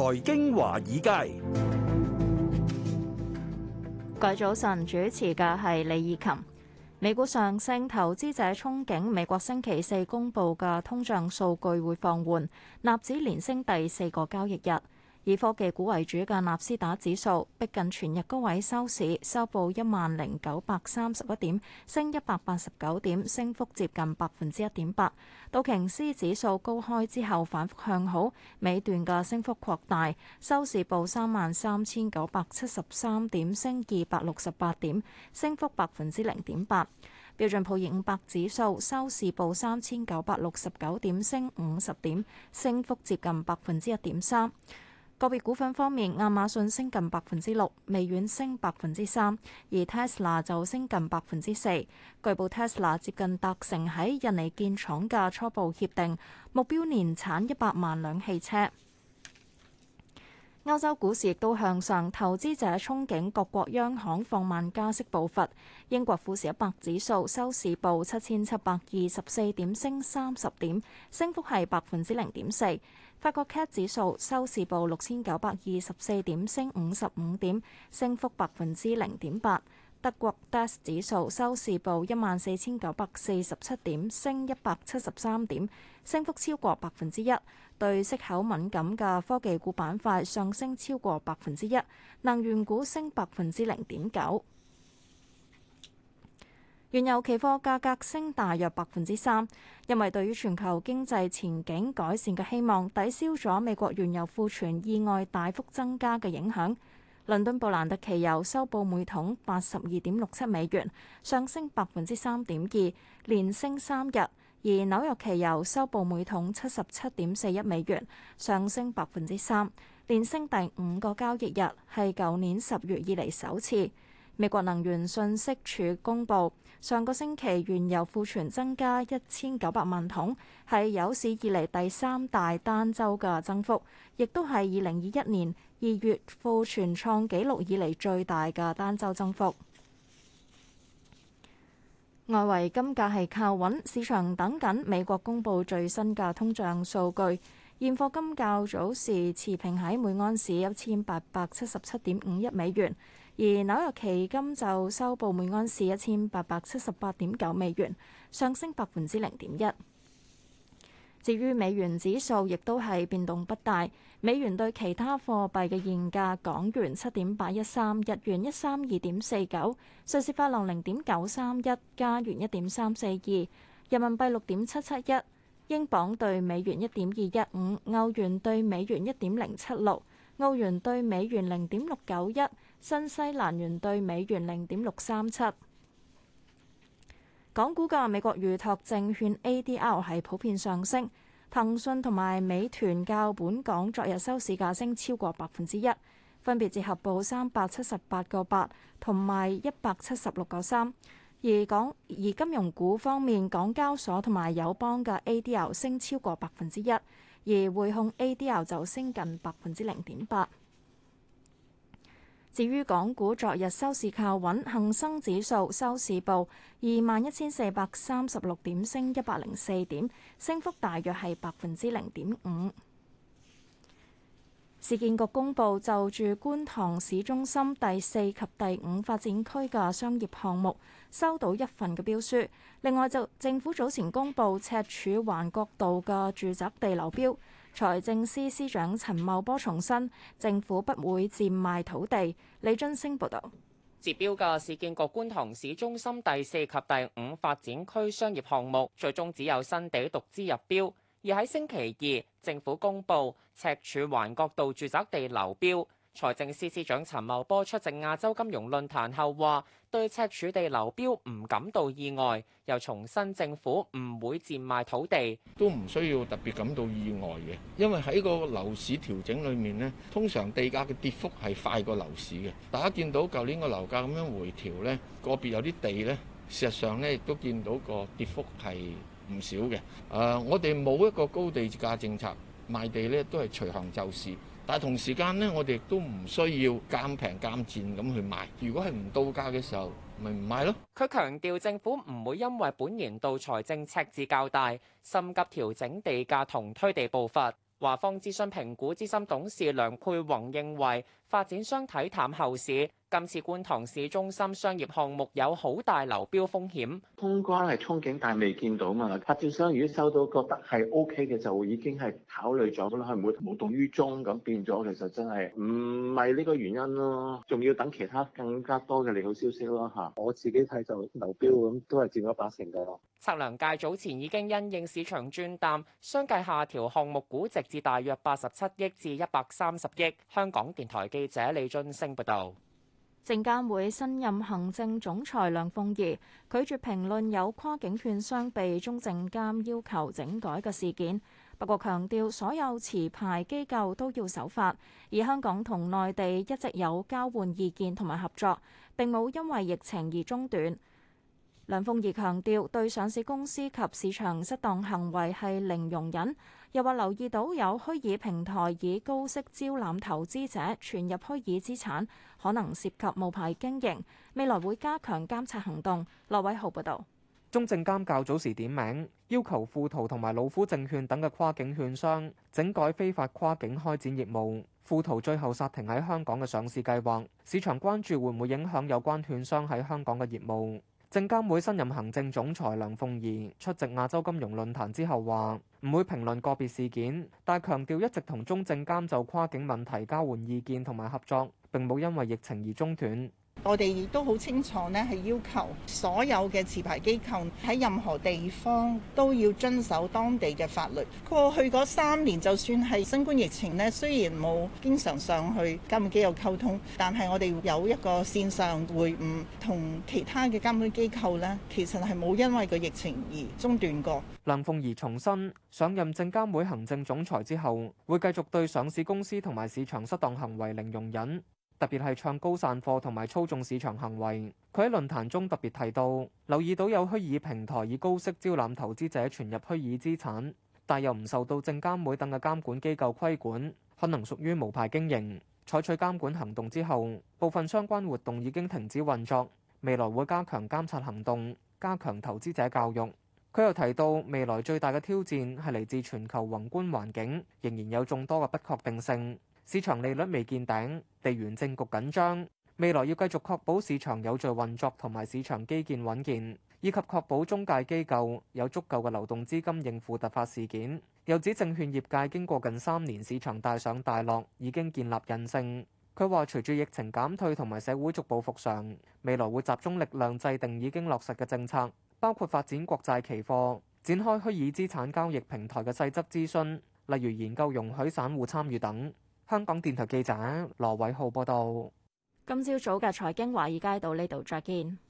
財經華爾街。各位早晨，主持嘅係李以琴。美股上升，投資者憧憬美國星期四公佈嘅通脹數據會放緩，納指連升第四個交易日。以科技股為主嘅納斯達指數逼近全日高位收市，收報一萬零九百三十一點，升一百八十九點，升幅接近百分之一點八。道瓊斯指數高開之後反復向好，尾段嘅升幅擴大，收市報三萬三千九百七十三點，升二百六十八點，升幅百分之零點八。標準普爾五百指數收市報三千九百六十九點，升五十點，升幅接近百分之一點三。個別股份方面，亞馬遜升近百分之六，微軟升百分之三，而 Tesla 就升近百分之四。據報 Tesla 接近達成喺印尼建廠嘅初步協定，目標年產一百萬輛汽車。歐洲股市亦都向上，投資者憧憬各國央行放慢加息步伐。英國富時一百指數收市報七千七百二十四點，升三十點，升幅係百分之零點四。法國 CAC 指數收市報六千九百二十四點，升五十五點，升幅百分之零點八。德國 DAX 指數收市報一萬四千九百四十七點，升一百七十三點，升幅超過百分之一。對息口敏感嘅科技股板塊上升超過百分之一，能源股升百分之零點九。原油期貨價格升大約百分之三，因為對於全球經濟前景改善嘅希望，抵消咗美國原油庫存意外大幅增加嘅影響。倫敦布蘭特期油收報每桶八十二點六七美元，上升百分之三點二，連升三日；而紐約期油收報每桶七十七點四一美元，上升百分之三，連升第五個交易日，係舊年十月以嚟首次。美國能源信息署公布，上個星期原油庫存增加一千九百萬桶，係有史以嚟第三大單周嘅增幅，亦都係二零二一年二月庫存創紀錄以嚟最大嘅單周增幅。外圍金價係靠穩，市場等緊美國公布最新嘅通脹數據。現貨金較早時持平喺每安士一千八百七十七點五一美元。而紐約期金就收報每安士一千八百七十八點九美元，上升百分之零點一。至於美元指數，亦都係變動不大。美元對其他貨幣嘅現價：港元七點八一三，日元一三二點四九，瑞士法郎零點九三一，加元一點三四二，人民幣六點七七一，英鎊對美元一點二一五，歐元對美元一點零七六，澳元對美元零點六九一。新西蘭元對美元零點六三七。港股嘅美國預託證券 A D L 係普遍上升，騰訊同埋美團較本港昨日收市價升超過百分之一，分別折合報三百七十八個八同埋一百七十六個三。而港而金融股方面，港交所同埋友邦嘅 A D L 升超過百分之一，而匯控 A D L 就升近百分之零點八。至於港股昨日收市靠穩，恒生指數收市報二萬一千四百三十六點，升一百零四點，升幅大約係百分之零點五。市建局公布就住觀塘市中心第四及第五發展區嘅商業項目收到一份嘅標書。另外就政府早前公布赤柱環角道嘅住宅地流標。財政司司長陳茂波重申，政府不會賤賣土地。李津升報導，截標嘅市建局觀塘市中心第四及第五發展區商業項目，最終只有新地獨資入標。而喺星期二，政府公布赤柱環角道住宅地流標。財政司司長陳茂波出席亞洲金融論壇後話，對赤柱地流標唔感到意外，又重申政府唔會賤賣土地，都唔需要特別感到意外嘅。因為喺個樓市調整裏面呢，通常地價嘅跌幅係快過樓市嘅。大家見到舊年個樓價咁樣回調呢，個別有啲地呢，事實上呢都見到個跌幅係唔少嘅。誒、啊，我哋冇一個高地價政策，賣地呢都係隨行就市，但係同時間呢，我哋亦都唔需要鑑平鑑賤咁去賣。如果係唔到價嘅時候，咪唔賣咯。佢強調政府唔會因為本年度財政赤字較大，心急調整地價同推地步伐。華方諮詢評估資深董事梁佩宏認為。發展商睇淡後市，今次觀塘市中心商業項目有好大流標風險。通關係憧憬，但未見到嘛。發展商如果收到覺得係 OK 嘅，就已經係考慮咗啦，佢唔會無動於衷咁變咗。其實真係唔係呢個原因咯，仲要等其他更加多嘅利好消息咯嚇。我自己睇就流標咁，都係佔咗八成嘅。測量界早前已經因應市場轉淡，相繼下調項目估值至大約八十七億至一百三十億。香港電台記。記者李津升報道，證監會新任行政總裁梁鳳儀拒絕評論有跨境券商被中證監要求整改嘅事件，不過強調所有持牌機構都要守法，而香港同內地一直有交換意見同埋合作，並冇因為疫情而中斷。梁鳳儀強調，對上市公司及市場失當行為係零容忍，又話留意到有虛擬平台以高息招攬投資者存入虛擬資產，可能涉及無牌經營，未來會加強監察行動。羅偉豪報道。中證監較早時點名要求富途同埋老虎證券等嘅跨境券商整改非法跨境開展業務。富途最後殺停喺香港嘅上市計劃，市場關注會唔會影響有關券商喺香港嘅業務？證監會新任行政總裁梁鳳儀出席亞洲金融論壇之後話唔會評論個別事件，但強調一直同中證監就跨境問題交換意見同埋合作，並冇因為疫情而中斷。我哋亦都好清楚呢，係要求所有嘅持牌機構喺任何地方都要遵守當地嘅法律。過去嗰三年，就算係新冠疫情呢，雖然冇經常上去監管機構溝通，但係我哋有一個線上會晤同其他嘅監管機構呢，其實係冇因為個疫情而中斷過。梁鳳儀重申，上任證監會行政總裁之後，會繼續對上市公司同埋市場失當行為零容忍。特別係唱高散貨同埋操縱市場行為，佢喺論壇中特別提到，留意到有虛擬平台以高息招攬投資者存入虛擬資產，但又唔受到證監會等嘅監管機構規管，可能屬於無牌經營，採取監管行動之後部分相關活動已經停止運作，未來會加強監察行動，加強投資者教育。佢又提到，未來最大嘅挑戰係嚟自全球宏觀環境，仍然有眾多嘅不確定性。市場利率未見頂，地緣政局緊張，未來要繼續確保市場有序運作同埋市場基建穩健，以及確保中介機構有足夠嘅流動資金應付突發事件。又指證券業界經過近三年市場大上大落，已經建立韌性。佢話：隨住疫情減退同埋社會逐步復常，未來會集中力量制定已經落實嘅政策，包括發展國債期貨、展開虛擬資產交易平台嘅細則諮詢，例如研究容許散戶參與等。香港電台記者羅偉浩報道。今朝早嘅財經華爾街到呢度再見。